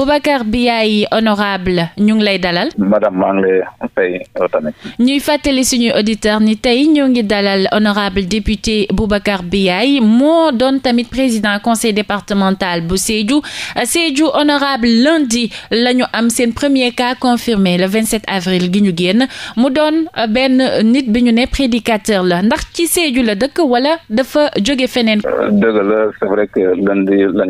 Boubacar Biaye honorable ñu ngi lay dalal. madame maa ngi ñuy fàttali suñuy auditeur ni tey ñoo ngi dalal honorable député Boubacar Biaye moo doon tamit président conseil départemental bu Sédhiou Sédhiou honorable lundi la ñu am seen premier cas confirmé le 27 avril gi ñu génn mu doon euh, benn nit bi ñu ne prédicateur la ndax ci Sédhiou la dëkk wala dafa jóge feneen. Euh, dëgg la c'est vrai que lundi la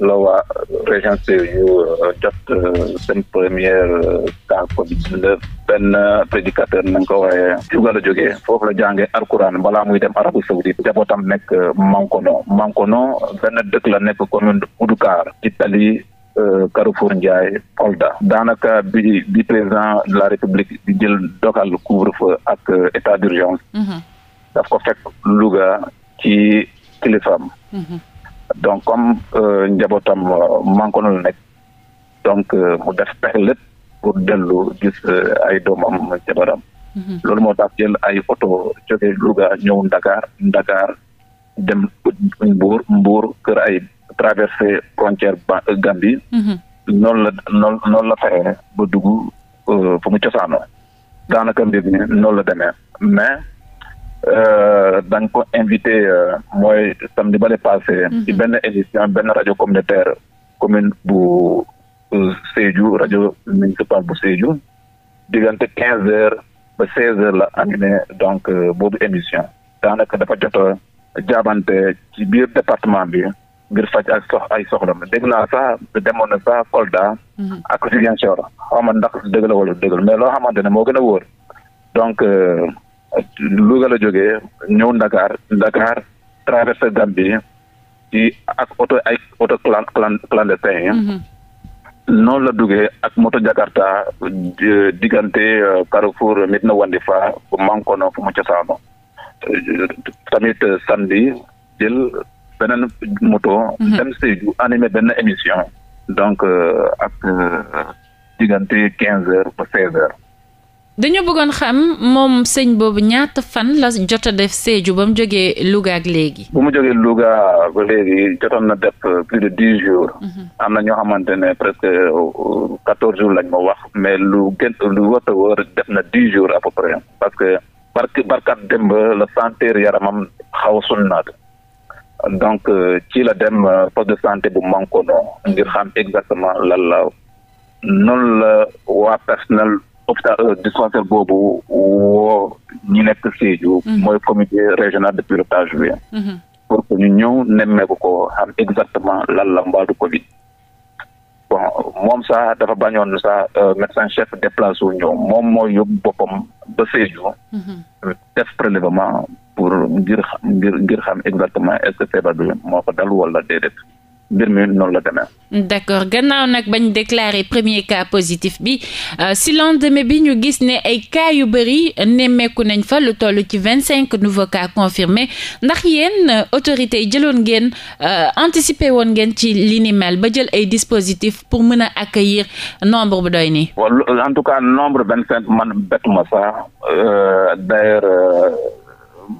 la waa région Sédhiou jot euh, seen première euh, cas Covid 19 euh, prédicateur nañ ko waaye Louga la jógee foofu la jàngee alquran balaa muy dem Arabie Saoudite jabootam nekk Mankono Mankono benn dëkk la nekk commune de Oudoukar ci tali Carrefour Ndiaye Kolda daanaka bi bi président de la République di jël dogal couvre-feu ak état d'urgence mhm. daf ko fekk Louga ci kilifaam mhm. donc comme njabootam mankono la nekk donc euh, mu def pexe lépp pour dellu gis euh, ay doomam jabaram mhm. loolu moo tax jël ay photo jóge Louga ñow Dakar Dakar dem Mbour Mbour Kër ay traversé frontière euh, Gambie mhm. noonu la noonu la fexe ba dugg fu mu cosaanoo daanaka mbir mi noonu la demee mais da nga ko invité mooy samedi bale passé ci mhm. benn émission benn rajo communautaire commune bu Sédhiou rajo municipal bu Sédhiou diggante quinze heures ba seize heures la animé donc euh, boobu émission daanaka dafa jot jaabante ci biir département bi ngir faj ak sox ay soxla dégg naa sax demoon na sax Kolda mhm. ak Ziguinchor xaw ndax dëgg wala dëggal mais loo xamante ne moo gën a woor donc euh, Louga la jógee ñëw Ndakaar Ndakaar traversé Gambie ci ak oto ay oto clan clandestin yi mhm. noonu la duggee ak moto Jakarta diggante euh, Carrefour Medina Wandifa mankono fu mu cosaano tamit euh, samedi jël beneen moto. Mhm. dem Sédhiou animé benn émission. donc euh, ak diggante quinze heures ba seize heures. dañoo bëggoon xam moom sëñ boobu ñaata fan la jot a def Sédhiou ba mu jógee Louga léegi. bu mu jógee Louga léegi jotoon na def plus de dix jours. Mhm. am na ñoo xamante ne presque euh, quatorze jours lañ ma wax mais lu gën lu wër a def na dix jours à peu près parce que barki barkat démb la santé yaramam xaw sunnaat donc euh, ci la dem euh, poste de santé bu mankono ngir xam exactement lan la noonu la waa personnel. hôpital euh, dispensaire boobu woo ñi nekk Sédhiou. Mhm. mooy comité régional de pilotage bi. pour que ñu ñëw nemmeeku ko xam exactement lan la mbaadu Covid. bon moom sax dafa bañoon sax euh, médecin chef déplacé wu ñëw moom mooy yóbbu boppam ba Sédhiou. Mhm. def prélèvement pour ngir ngir ngir xam exactement est-ce que feebar bi moo ko dal wala déedéet. mbir noonu la demee. d'accord gannaaw nag bañ déclaré premier cas positif bi euh, si lendemain bi ñu gis ne ay cas yu bëri nemmeeku nañ fa lu toll ci vingt cinq nouveaux cas confirmés ndax yéen euh, autorités yi jëloon ngeen euh, anticiper woon ngeen ci li ni ba jël ay dispositif pour mën a accueillir nombre bi doy nii. en tout cas nombre vingt cinq man bettuma sax d'ailleurs.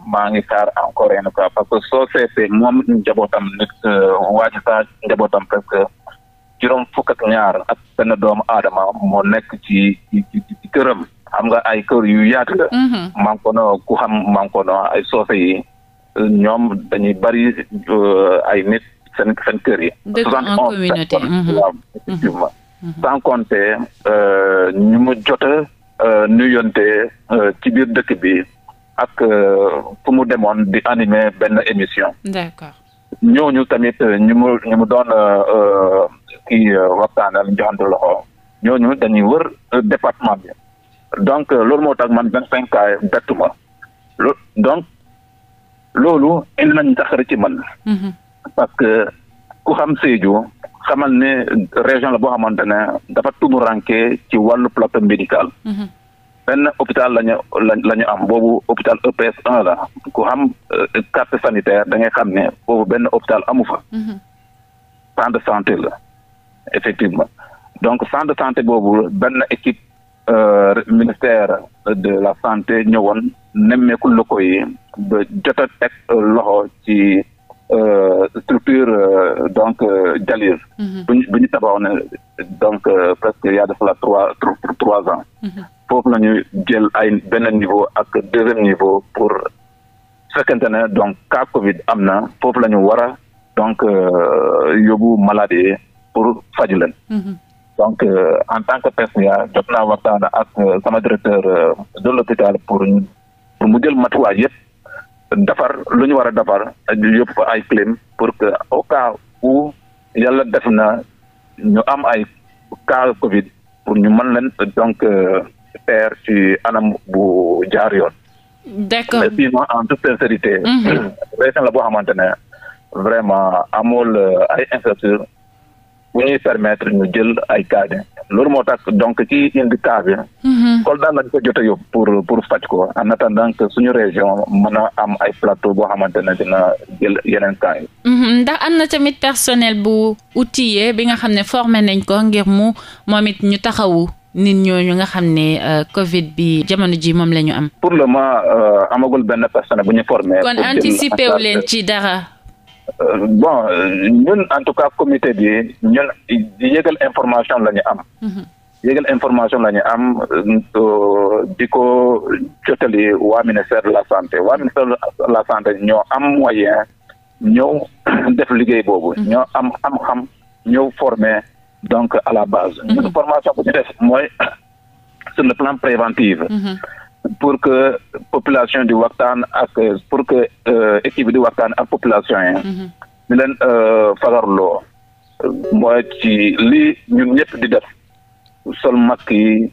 maa ngi xaar encore en tout parce que soo seetee moom njabootam nit euh, waaji saa njabootam presque juróom fukk ñaar ak benn doomu aadama moo nekk ci ci këram xam nga ay kër yu yaat la mm-hmm. man ko no ku xam man ay soose yi ñoom dañuy bari euh, ay nit seen seen kër yi soixante onze mm-hmm. mm-hmm. sans compter euh, ñu mu jota nuyonte ci biir dëkk bi ak euh, fu mu demoon di animer benn émission. d'accord ñooñu tamit euh, ñu mu ñu mu doon euh, kii waxtaanal joxante loxo ñooñu dañuy wër département bi donc loolu moo tax man vingt cinq ans bettu donc loolu indi nañ taxari ci man. Mm-hmm. parce que ku xam Sédhiou xamal ne région la boo xamante ne dafa tumuranke ci wàllu plateau médical. Mm-hmm. benn hôpital la ñu la am boobu hôpital EPS 1 la ku xam euh, carte sanitaire da ngay xam ne boobu benn hôpital amu fa. Mhm. centre de santé la effectivement donc centre de santé boobu benn équipe euh, ministère de la santé ñëwoon nemmeeku loko yi ba jot teg loxo ci euh, structure donc Jalir. Mhm. bu ñu tabaxoon donc euh, presque yaa dafa la trois trois ans mhm. foofu la ñu jël ay benn niveau ak deuxième niveau pour fekkente ne donc cas covid am na foofu lañu wara donc euh, yóbbu malade yi pour faju len mhm. donc euh, en tant que PCA jot naa waxtaan ak sama directeur de l'hôpital pour pour mu jël matuwaay yëpp defar lu ñu war a defar yëpp ay clim pour que au cas yàlla def na ñu am ay cas Covid pour ñu mën leen donc euh, faire ci anam bu jaar yoon. d'accord mais sinon en toute sincérité. région mhm. la boo xamante ne vraiment amul euh, ay infrastructures bu ñuy permettre ñu jël ay cas loolu moo tax donc ki indi cas bi. Mhm. Kolda lañ ko jot a pour pour faj ko en attendant que suñu région mën na am ay plateau boo xamante ne dina jël yeneen cas mhm. ndax am na tamit personnel bu outillé bi nga xam ne formé nañ ko ngir mu moom it ñu taxawu. nit ñu nga xam ne euh, Covid bi jamono ji moom la ñu am. pour le moment euh, amagul benn personne bu ñu formé. kon anticiper leen ci dara. Euh, bon euh, ñun en tout cas comité bi ñun yëgal information lañu ñu am. Mhm. yëgal information lañu am euh, di ko jotali waa ministère de la santé waa ministère de la santé ñoo am moyen ñëw def liggéey boobu. Mhm. ñoo am am xam ñëw former donc à la base. Mhm. ñun formation bu ñu def mooy sur le plan préventif. pour que population di waxtaan ak pour que euh, équipe di waxtaan ak population yi. ñu mhm. leen euh, fagarloo. mooy ci li ñun ñëpp di def. sol masque yi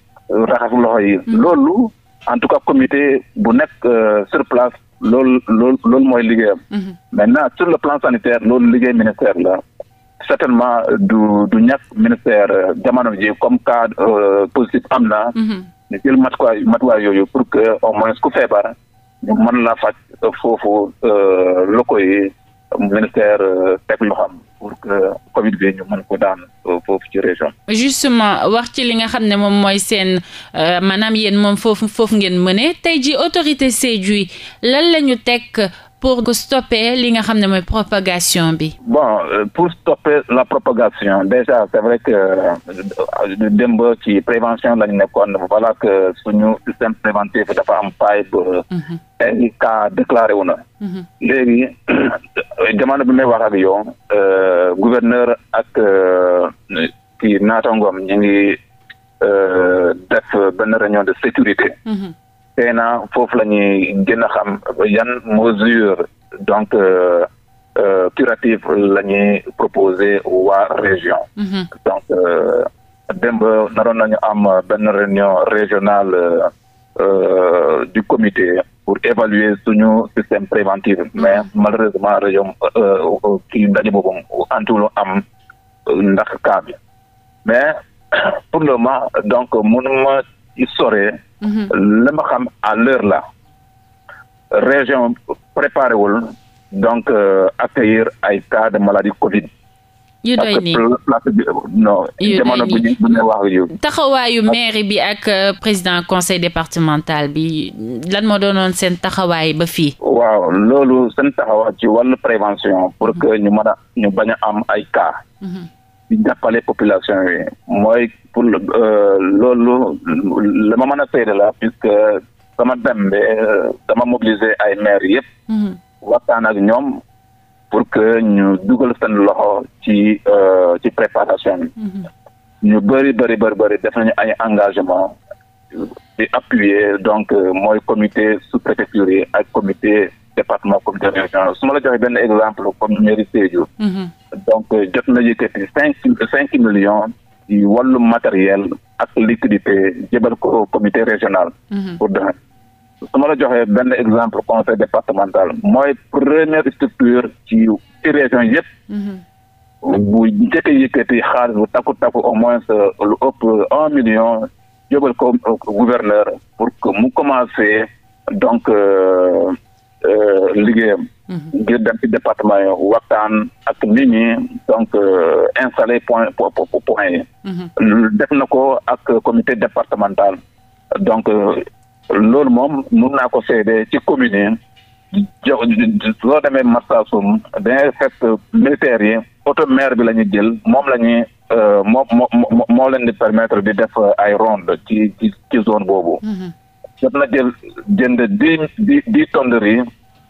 raxas loxo yi. Mhm. loolu en tout cas comité bu nekk euh, sur place. loolu loolu loolu mooy liggéeyam. Mhm. maintenant sur le plan sanitaire loolu liggéey ministère la certainement du du ñàkk ministère jamono ji comme cas positif am na. ne jël matuwaay matuwaay yooyu pour que euh, au moins ku feebar ñu mën la faj euh, foofu euh, loko yi ministère teg loo xam pour que Covid bi ñu mën ko daan foofu ci région. justement wax ci li nga xam ne moom mooy seen maanaam yéen moom foofu foofu ngeen mëne tey ji autorité Sédhiou yi lan la ñu teg pour stopper li nga xam ne mooy propagation bi. bon euh, pour stopper la propagation déjà c'est vrai que euh, démb ci prévention la ñu nekkoon voilà que suñu système préventif dafa am faille ba. Mhm. ay cas déclaré na. Mhm. léegi jamono bi may wax ak yow euh, gouverneur ak naata naatangoom ñu ngi def benn réunion de sécurité. Mhm. CNA foofu la ñuy gën a xam yan mesure donc euh, euh, curative la ñuy proposé waa région mhm. donc euh, naroon nañu am benn réunion régionale du comité pour évaluer suñu système préventif mhm. mais malheureusement région kii ndaje boobu antulo am ndax cas mais pour le moment donc mënuma soree Mhm. la ma xam à l'heure la région préparé wul donc euh, accueillir ay cas de maladie Covid. yu doy nii taxawaayu maire bi ak euh, président conseil départemental bi lan moo doonoon seen taxawaay ba fii. waaw loolu seen taxawaay ci wàllu prévention pour que ñu mën a ñu bañ a am ay cas. Mhm. di jàppale population yi mooy pour euh, loolu la ma mën a seede la puisque sama dembe euh, dama mobiliser ay maire yëpp mhm. waxtaan ak ñoom pour que ñu dugal seen loxo ci euh, ci préparation mhm. ñu bëri bëri bëri bëri def nañu ay engagement di appuyer donc mooy comité sous préfecture yi ak comité département comité régional su ma la joxee benn exemple comme mairie Sédhiou mhm. donc euh, jot régional mhm. su ma la joxee benn exemple conseil départemental mooy première structure ci région yëpp mhm. bu njëkk a yëkkati xaalis bu takku takku au moins euh, lu ëpp un million jébal ko euh, gouverneur pour que mu commencé donc Euh, liggéeyam. Mhm. ngir dem ci département yi waxtaan ak nit ñi donc euh, installé point point yi. Mhm. def na ko ak comité départemental. donc euh, loolu moom mun naa ko seede ci commune yi jo soo demee Marsassoum dañuy fekk militaires yi oto maire bi la ñu jël moom la ñuy moo moo moo leen di permettre di def ay ronde ci ci zone boobu. Mhm. jot na jël jënd dix dix dix tonnes de riz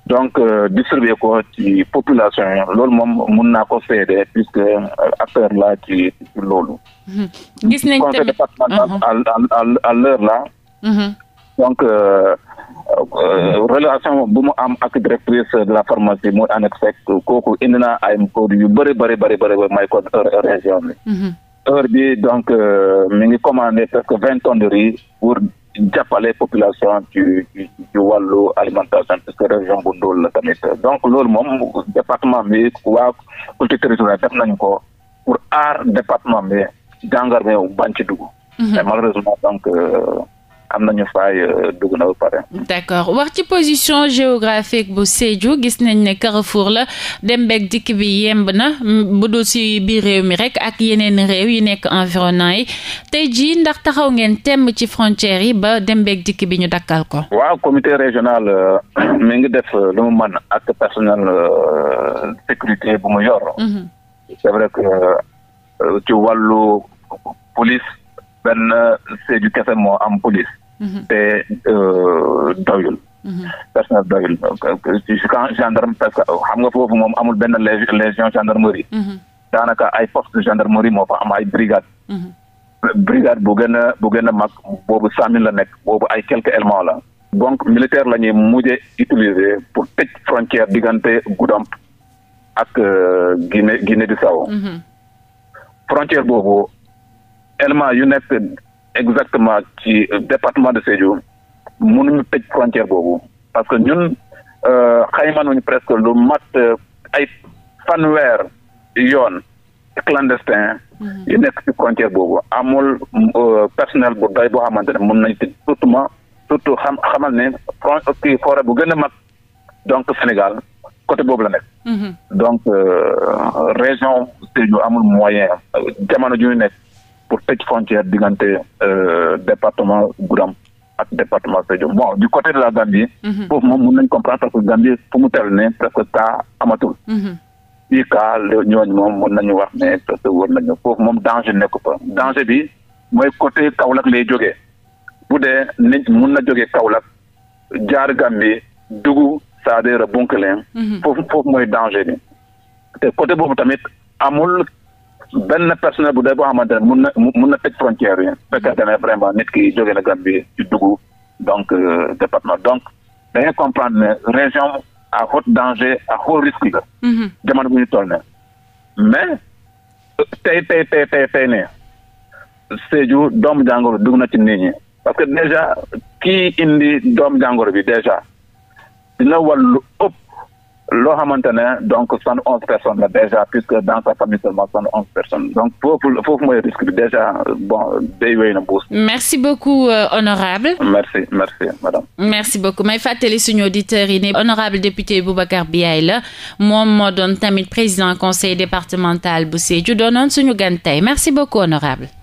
donc euh, distribuer ko ci population yi loolu moom mun naa ko seede puisque euh, acteur la ci loolu. Mhm. gis nañ tamit conseil départemental mhm. à à l'heure là. Mhm. donc euh, relation bu mu am ak directrice de la pharmacie muy ANECSEC kooku indi naa ay produit yu bëri bari bëri bëri may ko région bi. donc mi ngi commandé presque vingt tonnes pour. jàppale population ci ci ci wàllu alimentation parce que région bu dool la tamit donc loolu moom département bi waa politique territoriale def nañu ko pour aar département bi jàngar mi bañ ci dugg. mais mhm. malheureusement donc. Euh, am nañu faay euh, dugg na ba pare. d' accord wax ci position géographique bu Sédhiou gis nañ ne Carrefour la dem beeg dikk bi yemb na bu dul si biir réew mi rek ak yeneen réew yi nekk environnement yi te ji ndax taxaw ngeen temm ci frontières yi ba dem beeg dikk bi ñu dakkal ko. waaw comité régional euh, mi ngi def euh, lu mu mën ak personnel sécurité bu mu yor. Mhm. c' vrai que ci wàllu police benn Sédhiou kese moo am police. Mhm. te doyul. Mhm. personnel doyul gendarme parce que xam nga foofu moom amul benn légion gendarmerie. Mhm. daanaka ay poste de gendarmerie moo fa am ay brigade brigade bu gën a bu gën a mag boobu cent la nekk boobu ay quelques éléments la. donc militaire la ñuy mujjee utiliser pour tëj frontière diggante Goudomp ak euh, Guinée Guinée Bissau frontière boobu élément yu exactement ci euh, département de Sédhiou mënuñu tëj frontière boobu parce que ñun euh, xayma nañu presque lu mat euh, ay fanweer yoon clandestin mhm. yu nekk ci frontière boobu amul personnel bu doy boo xamante ne mën nañ tëj surtout surtout xam xamal ne front kii fore bu gën a mat donc Sénégal côté boobu la nekk mhm. donc région Sédhiou amul moyen jamono ju nekk pour tëj frontière diggante euh, département Gouram ak département Sédhiou bon du côté de la Gambie. Mhm. foofu moom mun nañ comprendre parce que Gambie fu mu toll ne presque cas amatul. fii mhm. cas ñooñu moom mun nañu wax ne presque wër nañu foofu moom danger nekk fa danger bi mooy côté Kaolack lay jógee bu dee nit mun na jógee Kaolack jaar Gambie dugg c'est-à-dire Bounkiling. Mhm. foofu mooy danger bi te côté boobu tamit amul. benn personnel bu dee boo xamante ne mun na mun na tëj frontière yi fekkante ne vraiment nit ki jóge na Gambie ci dugg donc euh, département donc da ngay comprendre ne région à haut danger à haut risque la. Mhm. jamono bu ñu toll ne mais tey tey tey tey tey ne Sédhiou doomu jàngoro dugg na ci nit ñi parce que déjà ki indi doom jàngoro bi déjà dina wàllu ëpp loo xamante ne donc soixante onze personnes la déjà puisque dans famille seulement soixante onze personnes donc foofu foofu mooy risque déjà bon day wéy na buus. merci beaucoup euh, honorable merci merci madame. merci beaucoup may fàttali suñu auditeurs yi ne honorable député Boubacar Biaye la moom moo doon tamit président conseil départemental bu Sédhiou doonoon suñu gan tey merci beaucoup honorable